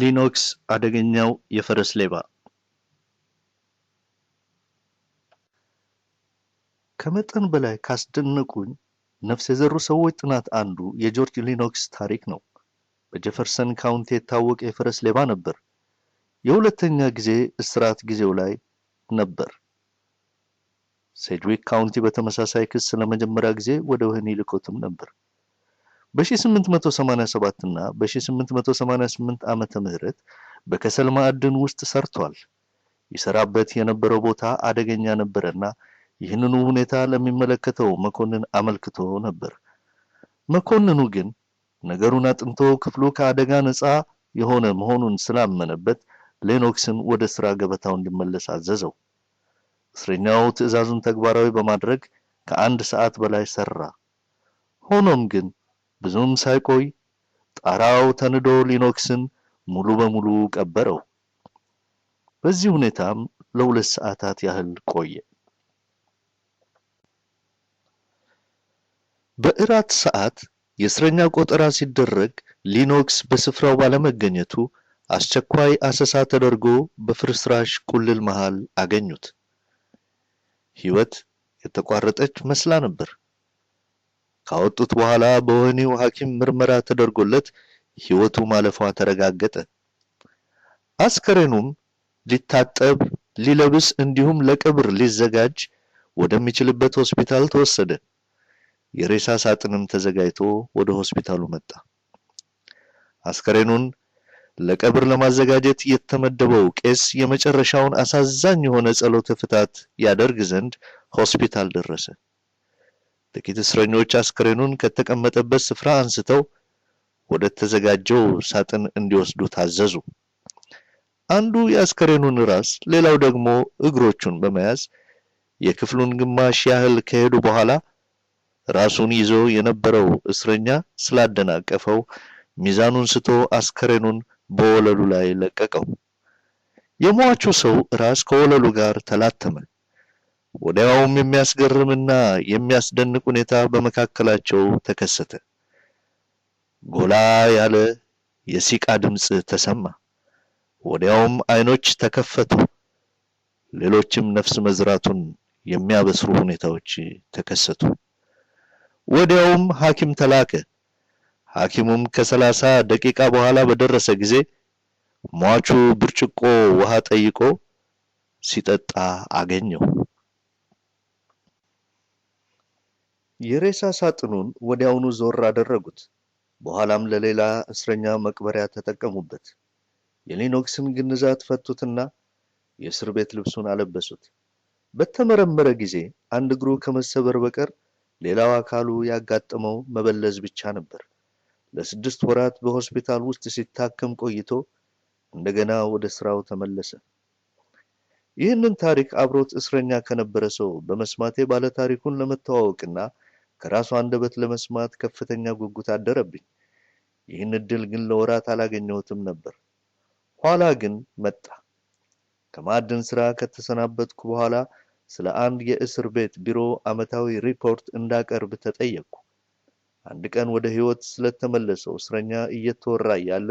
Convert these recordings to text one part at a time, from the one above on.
ሊኖክስ አደገኛው የፈረስ ሌባ ከመጠን በላይ ካስደነቁኝ ነፍስ የዘሩ ሰዎች ጥናት አንዱ የጆርጅ ሊኖክስ ታሪክ ነው። በጀፈርሰን ካውንቲ የታወቀ የፈረስ ሌባ ነበር። የሁለተኛ ጊዜ እስራት ጊዜው ላይ ነበር። ሴድዊክ ካውንቲ በተመሳሳይ ክስ ለመጀመሪያ ጊዜ ወደ ወህኒ ልኮትም ነበር። በ1887 እና በ1888 ዓመተ ምህረት በከሰል ማዕድን ውስጥ ሰርቷል። ይሰራበት የነበረው ቦታ አደገኛ ነበረና ይህንኑ ሁኔታ ለሚመለከተው መኮንን አመልክቶ ነበር። መኮንኑ ግን ነገሩን አጥንቶ ክፍሉ ከአደጋ ነፃ የሆነ መሆኑን ስላመነበት ሌኖክስን ወደ ስራ ገበታው እንዲመለስ አዘዘው። እስረኛው ትዕዛዙን ተግባራዊ በማድረግ ከአንድ ሰዓት በላይ ሰራ። ሆኖም ግን ብዙም ሳይቆይ ጣራው ተንዶ ሊኖክስን ሙሉ በሙሉ ቀበረው። በዚህ ሁኔታም ለሁለት ሰዓታት ያህል ቆየ። በእራት ሰዓት የእስረኛ ቆጠራ ሲደረግ ሊኖክስ በስፍራው ባለመገኘቱ አስቸኳይ አሰሳ ተደርጎ በፍርስራሽ ቁልል መሃል አገኙት። ሕይወት የተቋረጠች መስላ ነበር። ካወጡት በኋላ በወህኒው ሐኪም ምርመራ ተደርጎለት ሕይወቱ ማለፏ ተረጋገጠ። አስከሬኑም ሊታጠብ፣ ሊለብስ እንዲሁም ለቀብር ሊዘጋጅ ወደሚችልበት ሆስፒታል ተወሰደ። የሬሳ ሳጥንም ተዘጋጅቶ ወደ ሆስፒታሉ መጣ። አስከሬኑን ለቀብር ለማዘጋጀት የተመደበው ቄስ የመጨረሻውን አሳዛኝ የሆነ ጸሎተ ፍታት ያደርግ ዘንድ ሆስፒታል ደረሰ። ጥቂት እስረኞች አስክሬኑን ከተቀመጠበት ስፍራ አንስተው ወደ ተዘጋጀው ሳጥን እንዲወስዱ ታዘዙ። አንዱ የአስከሬኑን ራስ፣ ሌላው ደግሞ እግሮቹን በመያዝ የክፍሉን ግማሽ ያህል ከሄዱ በኋላ ራሱን ይዞ የነበረው እስረኛ ስላደናቀፈው ሚዛኑን ስቶ አስከሬኑን በወለሉ ላይ ለቀቀው። የሟቹ ሰው ራስ ከወለሉ ጋር ተላተመ። ወዲያውም የሚያስገርምና የሚያስደንቅ ሁኔታ በመካከላቸው ተከሰተ። ጎላ ያለ የሲቃ ድምፅ ተሰማ። ወዲያውም ዓይኖች ተከፈቱ። ሌሎችም ነፍስ መዝራቱን የሚያበስሩ ሁኔታዎች ተከሰቱ። ወዲያውም ሐኪም ተላከ። ሐኪሙም ከሰላሳ ደቂቃ በኋላ በደረሰ ጊዜ ሟቹ ብርጭቆ ውሃ ጠይቆ ሲጠጣ አገኘው። የሬሳ ሳጥኑን ወዲያውኑ ዞር አደረጉት። በኋላም ለሌላ እስረኛ መቅበሪያ ተጠቀሙበት። የሊኖክስን ግንዛት ፈቱትና የእስር ቤት ልብሱን አለበሱት። በተመረመረ ጊዜ አንድ እግሩ ከመሰበር በቀር ሌላው አካሉ ያጋጠመው መበለዝ ብቻ ነበር። ለስድስት ወራት በሆስፒታል ውስጥ ሲታከም ቆይቶ እንደገና ወደ ስራው ተመለሰ። ይህንን ታሪክ አብሮት እስረኛ ከነበረ ሰው በመስማቴ ባለታሪኩን ለመተዋወቅና ከራሱ አንደበት ለመስማት ከፍተኛ ጉጉት አደረብኝ። ይህን እድል ግን ለወራት አላገኘሁትም ነበር። ኋላ ግን መጣ። ከማዕድን ስራ ከተሰናበትኩ በኋላ ስለ አንድ የእስር ቤት ቢሮ ዓመታዊ ሪፖርት እንዳቀርብ ተጠየቅኩ። አንድ ቀን ወደ ሕይወት ስለተመለሰው እስረኛ እየተወራ ያለ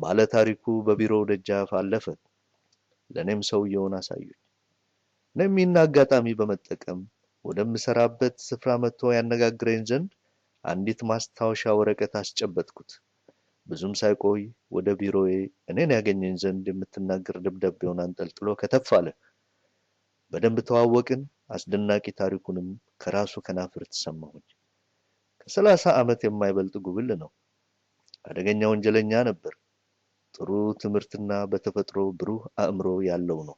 ባለ ታሪኩ በቢሮው ደጃፍ አለፈ። ለእኔም ሰውየውን አሳዩኝ። እኔም ይህን አጋጣሚ በመጠቀም ወደምሰራበት ስፍራ መጥቶ ያነጋግረኝ ዘንድ አንዲት ማስታወሻ ወረቀት አስጨበጥኩት። ብዙም ሳይቆይ ወደ ቢሮዬ እኔን ያገኘኝ ዘንድ የምትናገር ደብዳቤውን አንጠልጥሎ ከተፍ አለ። በደንብ ተዋወቅን። አስደናቂ ታሪኩንም ከራሱ ከናፍርት ሰማሁኝ። ከሰላሳ ዓመት የማይበልጥ ጉብል ነው። አደገኛ ወንጀለኛ ነበር። ጥሩ ትምህርትና በተፈጥሮ ብሩህ አእምሮ ያለው ነው።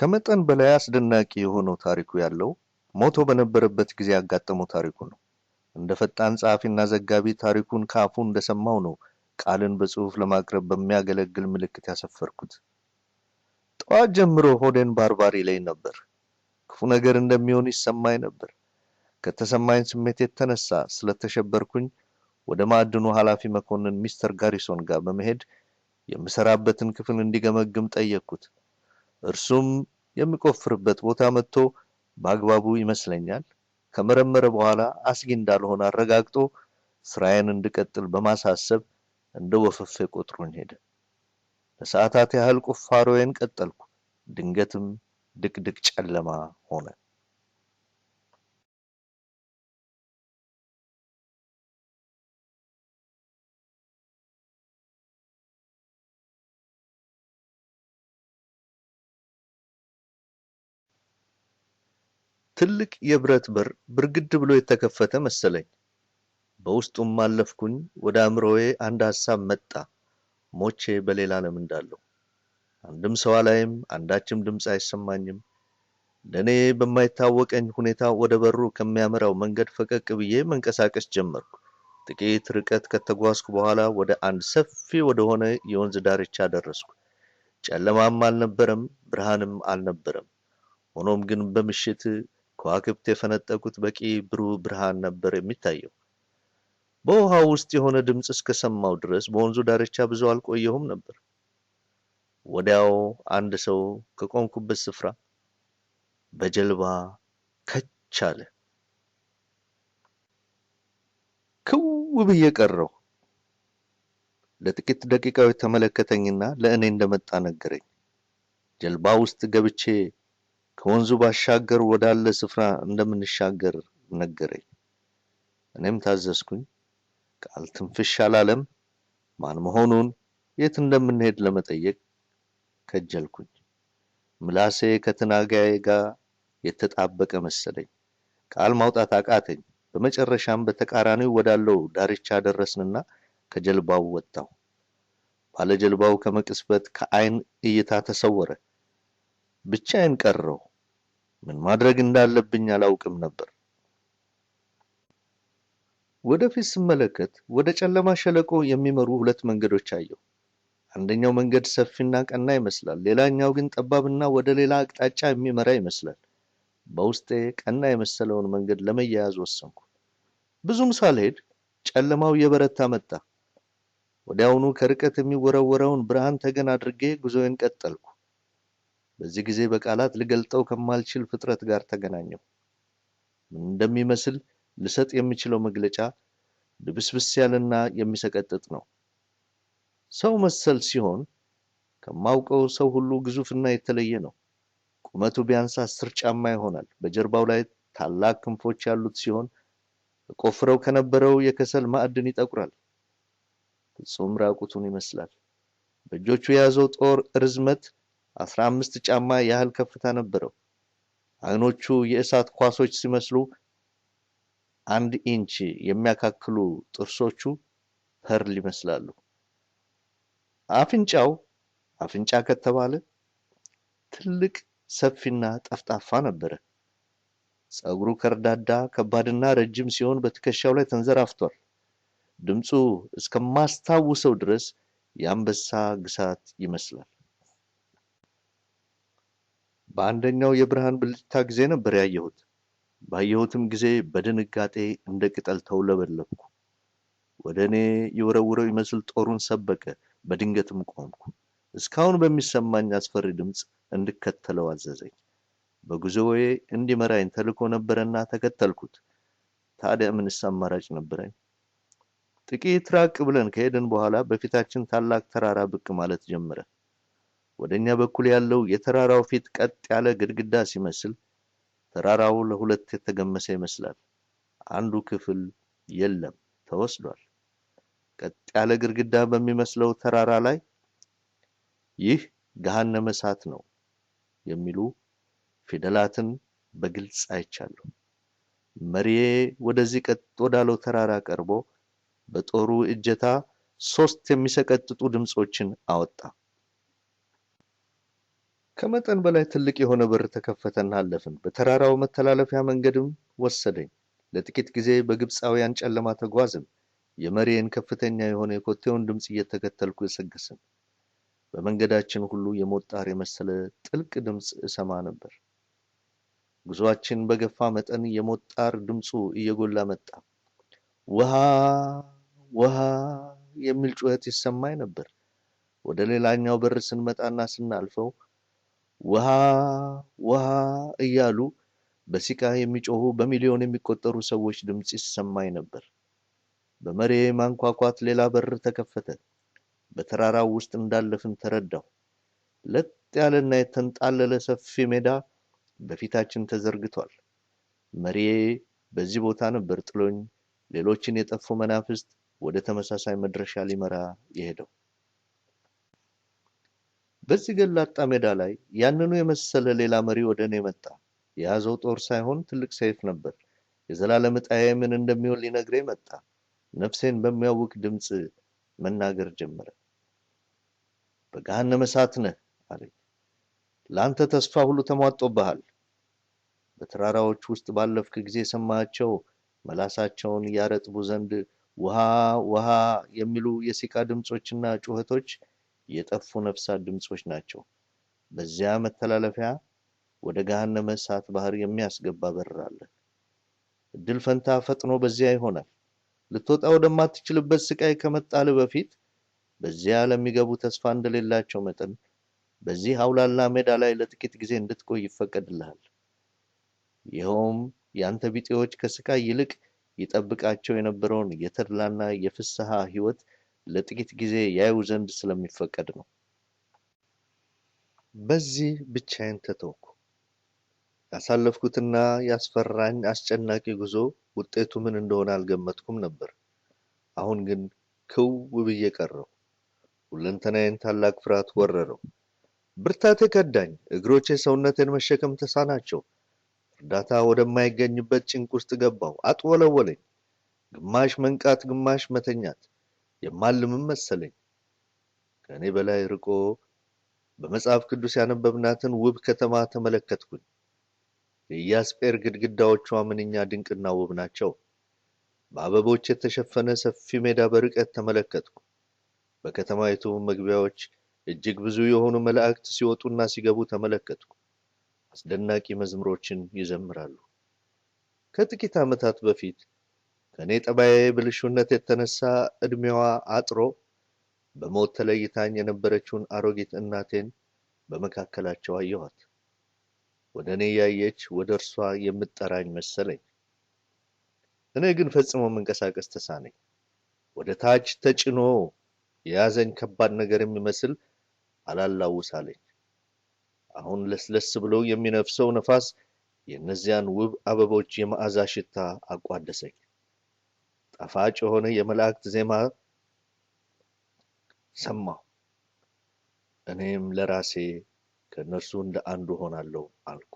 ከመጠን በላይ አስደናቂ የሆነው ታሪኩ ያለው ሞቶ በነበረበት ጊዜ ያጋጠመው ታሪኩ ነው። እንደ ፈጣን ጸሐፊና ዘጋቢ ታሪኩን ከአፉ እንደሰማው ነው ቃልን በጽሑፍ ለማቅረብ በሚያገለግል ምልክት ያሰፈርኩት። ጠዋት ጀምሮ ሆዴን ባርባሪ ላይ ነበር። ክፉ ነገር እንደሚሆን ይሰማኝ ነበር። ከተሰማኝ ስሜት የተነሳ ስለተሸበርኩኝ ወደ ማዕድኑ ኃላፊ መኮንን ሚስተር ጋሪሶን ጋር በመሄድ የምሰራበትን ክፍል እንዲገመግም ጠየቅኩት። እርሱም የሚቆፍርበት ቦታ መጥቶ በአግባቡ ይመስለኛል ከመረመረ በኋላ አስጊ እንዳልሆነ አረጋግጦ ስራዬን እንድቀጥል በማሳሰብ እንደ ወፈፌ ቆጥሮኝ ሄደ። ለሰዓታት ያህል ቁፋሮዬን ቀጠልኩ። ድንገትም ድቅድቅ ጨለማ ሆነ። ትልቅ የብረት በር ብርግድ ብሎ የተከፈተ መሰለኝ። በውስጡም አለፍኩኝ። ወደ አእምሮዬ አንድ ሐሳብ መጣ፣ ሞቼ በሌላ ዓለም እንዳለሁ። አንድም ሰው አላይም፣ አንዳችም ድምፅ አይሰማኝም። ለእኔ በማይታወቀኝ ሁኔታ ወደ በሩ ከሚያመራው መንገድ ፈቀቅ ብዬ መንቀሳቀስ ጀመርኩ። ጥቂት ርቀት ከተጓዝኩ በኋላ ወደ አንድ ሰፊ ወደሆነ የወንዝ ዳርቻ ደረስኩ። ጨለማም አልነበረም፣ ብርሃንም አልነበረም። ሆኖም ግን በምሽት ከዋክብት የፈነጠቁት በቂ ብሩህ ብርሃን ነበር የሚታየው። በውሃ ውስጥ የሆነ ድምፅ እስከሰማው ድረስ በወንዙ ዳርቻ ብዙ አልቆየሁም ነበር። ወዲያው አንድ ሰው ከቆምኩበት ስፍራ በጀልባ ከች አለ። ክው ብዬ ለጥቂት ደቂቃዎች ተመለከተኝና ለእኔ እንደመጣ ነገረኝ። ጀልባ ውስጥ ገብቼ ከወንዙ ባሻገር ወዳለ ስፍራ እንደምንሻገር ነገረኝ። እኔም ታዘዝኩኝ። ቃል ትንፍሽ አላለም። ማን መሆኑን የት እንደምንሄድ ለመጠየቅ ከጀልኩኝ። ምላሴ ከትናጋዬ ጋር የተጣበቀ መሰለኝ። ቃል ማውጣት አቃተኝ። በመጨረሻም በተቃራኒው ወዳለው ዳርቻ ደረስንና ከጀልባው ወጣሁ። ባለጀልባው ከመቅስበት ከአይን እይታ ተሰወረ። ብቻዬን ቀረው። ምን ማድረግ እንዳለብኝ አላውቅም ነበር። ወደፊት ስመለከት ወደ ጨለማ ሸለቆ የሚመሩ ሁለት መንገዶች አየሁ። አንደኛው መንገድ ሰፊና ቀና ይመስላል፣ ሌላኛው ግን ጠባብና ወደ ሌላ አቅጣጫ የሚመራ ይመስላል። በውስጤ ቀና የመሰለውን መንገድ ለመያያዝ ወሰንኩ። ብዙም ሳልሄድ ጨለማው የበረታ መጣ። ወዲያውኑ ከርቀት የሚወረወረውን ብርሃን ተገን አድርጌ ጉዞዬን ቀጠልኩ። በዚህ ጊዜ በቃላት ልገልጠው ከማልችል ፍጥረት ጋር ተገናኘው። ምን እንደሚመስል ልሰጥ የምችለው መግለጫ ልብስብስ ያለና የሚሰቀጥጥ ነው። ሰው መሰል ሲሆን ከማውቀው ሰው ሁሉ ግዙፍና የተለየ ነው። ቁመቱ ቢያንስ አስር ጫማ ይሆናል። በጀርባው ላይ ታላቅ ክንፎች ያሉት ሲሆን ቆፍረው ከነበረው የከሰል ማዕድን ይጠቁራል። ፍጹም ራቁቱን ይመስላል። በእጆቹ የያዘው ጦር ርዝመት አስራ አምስት ጫማ ያህል ከፍታ ነበረው። አይኖቹ የእሳት ኳሶች ሲመስሉ አንድ ኢንች የሚያካክሉ ጥርሶቹ ፐርል ይመስላሉ። አፍንጫው አፍንጫ ከተባለ ትልቅ ሰፊና ጠፍጣፋ ነበረ። ፀጉሩ ከርዳዳ ከባድና ረጅም ሲሆን በትከሻው ላይ ተንዘራፍቷል። ድምፁ እስከማስታውሰው ድረስ የአንበሳ ግሳት ይመስላል። በአንደኛው የብርሃን ብልጭታ ጊዜ ነበር ያየሁት። ባየሁትም ጊዜ በድንጋጤ እንደ ቅጠል ተውለበለብኩ። ወደ እኔ የወረውረው ይመስል ጦሩን ሰበቀ። በድንገትም ቆምኩ። እስካሁን በሚሰማኝ አስፈሪ ድምፅ እንድከተለው አዘዘኝ። በጉዞዬ እንዲመራኝ ተልኮ ነበረና ተከተልኩት። ታዲያ ምንስ አማራጭ ነበረኝ? ጥቂት ራቅ ብለን ከሄድን በኋላ በፊታችን ታላቅ ተራራ ብቅ ማለት ጀመረ። ወደ እኛ በኩል ያለው የተራራው ፊት ቀጥ ያለ ግድግዳ ሲመስል፣ ተራራው ለሁለት የተገመሰ ይመስላል። አንዱ ክፍል የለም፣ ተወስዷል። ቀጥ ያለ ግድግዳ በሚመስለው ተራራ ላይ ይህ ገሃነመ እሳት ነው የሚሉ ፊደላትን በግልጽ አይቻለሁ። መሪዬ ወደዚህ ቀጥ ወዳለው ተራራ ቀርቦ በጦሩ እጀታ ሶስት የሚሰቀጥጡ ድምፆችን አወጣ። ከመጠን በላይ ትልቅ የሆነ በር ተከፈተና አለፍን። በተራራው መተላለፊያ መንገድም ወሰደኝ። ለጥቂት ጊዜ በግብፃውያን ጨለማ ተጓዝም። የመሪን ከፍተኛ የሆነ የኮቴውን ድምፅ እየተከተልኩ የሰገስም። በመንገዳችን ሁሉ የሞት ጣር የመሰለ ጥልቅ ድምፅ እሰማ ነበር። ጉዞአችን በገፋ መጠን የሞት ጣር ድምፁ እየጎላ መጣ። ውሃ ውሃ የሚል ጩኸት ይሰማኝ ነበር። ወደ ሌላኛው በር ስንመጣና ስናልፈው ውሃ ውሃ እያሉ በሲቃ የሚጮሁ በሚሊዮን የሚቆጠሩ ሰዎች ድምፅ ይሰማኝ ነበር። በመሬ ማንኳኳት ሌላ በር ተከፈተ። በተራራው ውስጥ እንዳለፍን ተረዳሁ። ለጥ ያለና የተንጣለለ ሰፊ ሜዳ በፊታችን ተዘርግቷል። መሬ በዚህ ቦታ ነበር ጥሎኝ ሌሎችን የጠፉ መናፍስት ወደ ተመሳሳይ መድረሻ ሊመራ የሄደው። በዚህ ገላጣ ሜዳ ላይ ያንኑ የመሰለ ሌላ መሪ ወደ እኔ መጣ። የያዘው ጦር ሳይሆን ትልቅ ሰይፍ ነበር። የዘላለም ዕጣዬ ምን እንደሚሆን ሊነግረኝ መጣ። ነፍሴን በሚያውቅ ድምፅ መናገር ጀመረ። በገሃነመ እሳት ነህ አለኝ። ለአንተ ተስፋ ሁሉ ተሟጦብሃል። በተራራዎች ውስጥ ባለፍክ ጊዜ ሰማቸው መላሳቸውን እያረጥቡ ዘንድ ውሃ ውሃ የሚሉ የሲቃ ድምፆችና ጩኸቶች የጠፉ ነፍሳት ድምፆች ናቸው። በዚያ መተላለፊያ ወደ ገሃነመ እሳት ባህር የሚያስገባ በር አለ። እድል ፈንታ ፈጥኖ በዚያ ይሆናል። ልትወጣ ወደማትችልበት ስቃይ ከመጣል በፊት በዚያ ለሚገቡ ተስፋ እንደሌላቸው መጠን በዚህ አውላላ ሜዳ ላይ ለጥቂት ጊዜ እንድትቆይ ይፈቀድልሃል። ይኸውም የአንተ ቢጤዎች ከስቃይ ይልቅ ይጠብቃቸው የነበረውን የተድላና የፍስሐ ሕይወት ለጥቂት ጊዜ ያዩ ዘንድ ስለሚፈቀድ ነው። በዚህ ብቻዬን ተተውኩ። ያሳለፍኩትና ያስፈራኝ አስጨናቂ ጉዞ ውጤቱ ምን እንደሆነ አልገመትኩም ነበር። አሁን ግን ክው ብዬ ቀረው። ሁለንተናዬን ታላቅ ፍርሃት ወረረው። ብርታቴ ከዳኝ። እግሮቼ ሰውነቴን መሸከም ተሳናቸው። እርዳታ ወደማይገኝበት ጭንቅ ውስጥ ገባሁ። አጥወለወለኝ። ግማሽ መንቃት፣ ግማሽ መተኛት የማልምም መሰለኝ። ከእኔ በላይ ርቆ በመጽሐፍ ቅዱስ ያነበብናትን ውብ ከተማ ተመለከትኩኝ። የኢያስጴር ግድግዳዎቿ ምንኛ ድንቅና ውብ ናቸው! በአበቦች የተሸፈነ ሰፊ ሜዳ በርቀት ተመለከትኩ። በከተማይቱ መግቢያዎች እጅግ ብዙ የሆኑ መላእክት ሲወጡና ሲገቡ ተመለከትኩ። አስደናቂ መዝሙሮችን ይዘምራሉ። ከጥቂት ዓመታት በፊት ከእኔ ጠባዬ ብልሹነት የተነሳ ዕድሜዋ አጥሮ በሞት ተለይታኝ የነበረችውን አሮጊት እናቴን በመካከላቸው አየኋት። ወደ እኔ ያየች ወደ እርሷ የምጠራኝ መሰለኝ። እኔ ግን ፈጽሞ መንቀሳቀስ ተሳነኝ። ወደ ታች ተጭኖ የያዘኝ ከባድ ነገር የሚመስል አላላውሳለኝ። አሁን ለስለስ ብሎ የሚነፍሰው ነፋስ የእነዚያን ውብ አበቦች የመዓዛ ሽታ አቋደሰኝ። ጣፋጭ የሆነ የመላእክት ዜማ ሰማሁ። እኔም ለራሴ ከእነርሱ እንደ አንዱ ሆናለሁ አልኩ።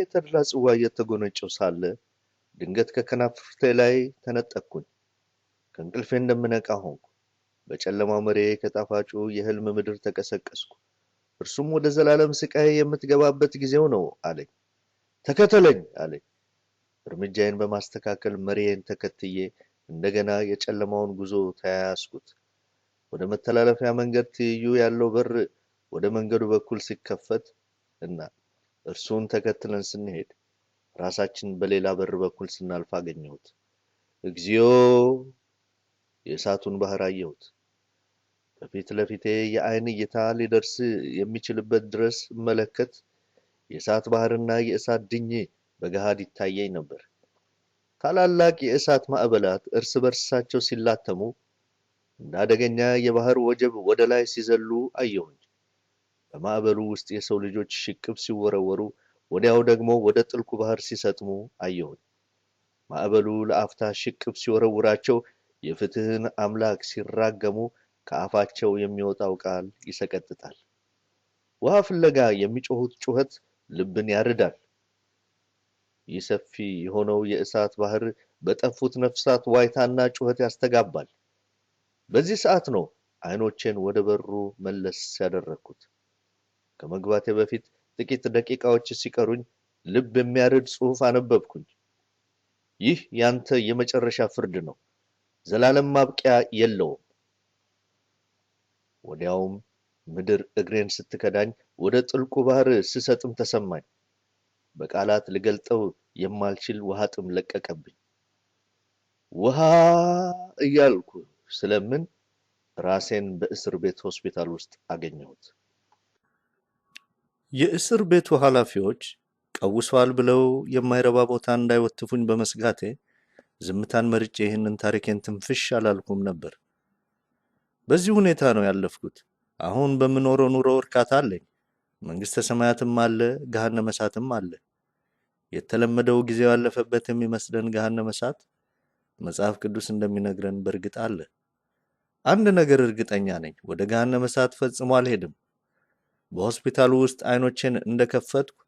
የተድላ ጽዋ እየተጎነጨው ሳለ ድንገት ከከናፍርቴ ላይ ተነጠቅኩኝ። ከእንቅልፌ እንደምነቃ ሆንኩ። በጨለማው መሬ ከጣፋጩ የህልም ምድር ተቀሰቀስኩ። እርሱም ወደ ዘላለም ስቃይ የምትገባበት ጊዜው ነው አለኝ። ተከተለኝ አለኝ። እርምጃዬን በማስተካከል መሪዬን ተከትዬ እንደገና የጨለማውን ጉዞ ተያያዝኩት። ወደ መተላለፊያ መንገድ ትይዩ ያለው በር ወደ መንገዱ በኩል ሲከፈት እና እርሱን ተከትለን ስንሄድ ራሳችን በሌላ በር በኩል ስናልፍ አገኘሁት። እግዚኦ! የእሳቱን ባህር አየሁት። ከፊት ለፊቴ የአይን እይታ ሊደርስ የሚችልበት ድረስ መለከት የእሳት ባህርና የእሳት ድኝ በገሃድ ይታየኝ ነበር። ታላላቅ የእሳት ማዕበላት እርስ በርሳቸው ሲላተሙ እንደ አደገኛ የባህር ወጀብ ወደ ላይ ሲዘሉ አየሁኝ። በማዕበሉ ውስጥ የሰው ልጆች ሽቅብ ሲወረወሩ፣ ወዲያው ደግሞ ወደ ጥልቁ ባህር ሲሰጥሙ አየሁኝ። ማዕበሉ ለአፍታ ሽቅብ ሲወረውራቸው፣ የፍትህን አምላክ ሲራገሙ፣ ከአፋቸው የሚወጣው ቃል ይሰቀጥጣል። ውሃ ፍለጋ የሚጮሁት ጩኸት ልብን ያርዳል። ይህ ሰፊ የሆነው የእሳት ባህር በጠፉት ነፍሳት ዋይታና ጩኸት ያስተጋባል። በዚህ ሰዓት ነው አይኖቼን ወደ በሩ መለስ ያደረግኩት። ከመግባቴ በፊት ጥቂት ደቂቃዎች ሲቀሩኝ ልብ የሚያርድ ጽሑፍ አነበብኩኝ። ይህ ያንተ የመጨረሻ ፍርድ ነው፣ ዘላለም ማብቂያ የለውም። ወዲያውም ምድር እግሬን ስትከዳኝ ወደ ጥልቁ ባህር ስሰጥም ተሰማኝ። በቃላት ልገልጠው የማልችል ውሃ ጥም ለቀቀብኝ። ውሃ እያልኩ ስለምን ራሴን በእስር ቤት ሆስፒታል ውስጥ አገኘሁት። የእስር ቤቱ ኃላፊዎች ቀውሰዋል ብለው የማይረባ ቦታ እንዳይወትፉኝ በመስጋቴ ዝምታን መርጬ ይህንን ታሪኬን ትንፍሽ አላልኩም ነበር። በዚህ ሁኔታ ነው ያለፍኩት። አሁን በምኖረው ኑሮ እርካታ አለኝ። መንግሥተ ሰማያትም አለ፣ ገሃነመ እሳትም አለ። የተለመደው ጊዜው ያለፈበት የሚመስለን ገሃነመ እሳት መጽሐፍ ቅዱስ እንደሚነግረን በእርግጥ አለ። አንድ ነገር እርግጠኛ ነኝ፣ ወደ ገሃነመ እሳት ፈጽሞ አልሄድም። በሆስፒታሉ ውስጥ አይኖቼን እንደከፈትኩ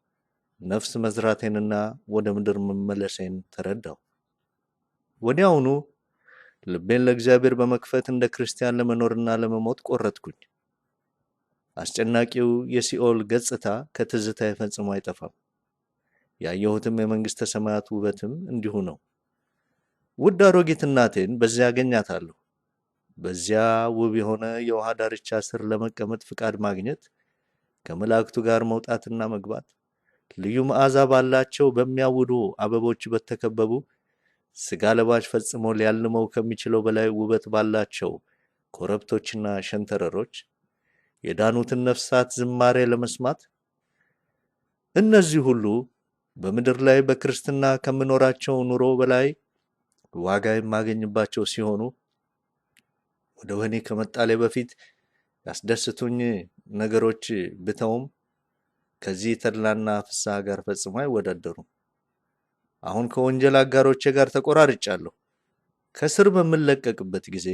ነፍስ መዝራቴንና ወደ ምድር መመለሴን ተረዳው ወዲያውኑ ልቤን ለእግዚአብሔር በመክፈት እንደ ክርስቲያን ለመኖርና ለመሞት ቆረጥኩኝ። አስጨናቂው የሲኦል ገጽታ ከትዝታ ፈጽሞ አይጠፋም። ያየሁትም የመንግሥተ ሰማያት ውበትም እንዲሁ ነው። ውድ አሮጊት እናቴን በዚያ አገኛታለሁ። በዚያ ውብ የሆነ የውሃ ዳርቻ ስር ለመቀመጥ ፍቃድ ማግኘት፣ ከመላእክቱ ጋር መውጣትና መግባት፣ ልዩ መዓዛ ባላቸው በሚያውዱ አበቦች በተከበቡ ሥጋ ለባሽ ፈጽሞ ሊያልመው ከሚችለው በላይ ውበት ባላቸው ኮረብቶችና ሸንተረሮች የዳኑትን ነፍሳት ዝማሬ ለመስማት እነዚህ ሁሉ በምድር ላይ በክርስትና ከምኖራቸው ኑሮ በላይ ዋጋ የማገኝባቸው ሲሆኑ ወደ ወህኒ ከመጣሌ በፊት ያስደስቱኝ ነገሮች ብተውም ከዚህ ተድላና ፍስሐ ጋር ፈጽሞ አይወዳደሩም። አሁን ከወንጀል አጋሮቼ ጋር ተቆራርጫለሁ። ከስር በምለቀቅበት ጊዜ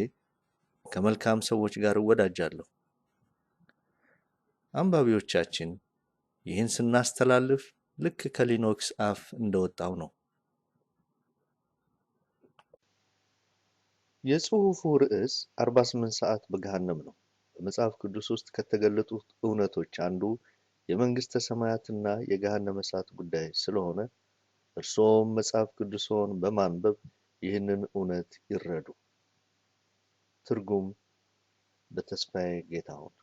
ከመልካም ሰዎች ጋር እወዳጃለሁ። አንባቢዎቻችን ይህን ስናስተላልፍ ልክ ከሊኖክስ አፍ እንደወጣው ነው። የጽሑፉ ርዕስ 48 ሰዓት በገሃነም ነው። በመጽሐፍ ቅዱስ ውስጥ ከተገለጡት እውነቶች አንዱ የመንግሥተ ሰማያትና የገሃነመ እሳት ጉዳይ ስለሆነ እርስዎም መጽሐፍ ቅዱስዎን በማንበብ ይህንን እውነት ይረዱ። ትርጉም በተስፋዬ ጌታሁን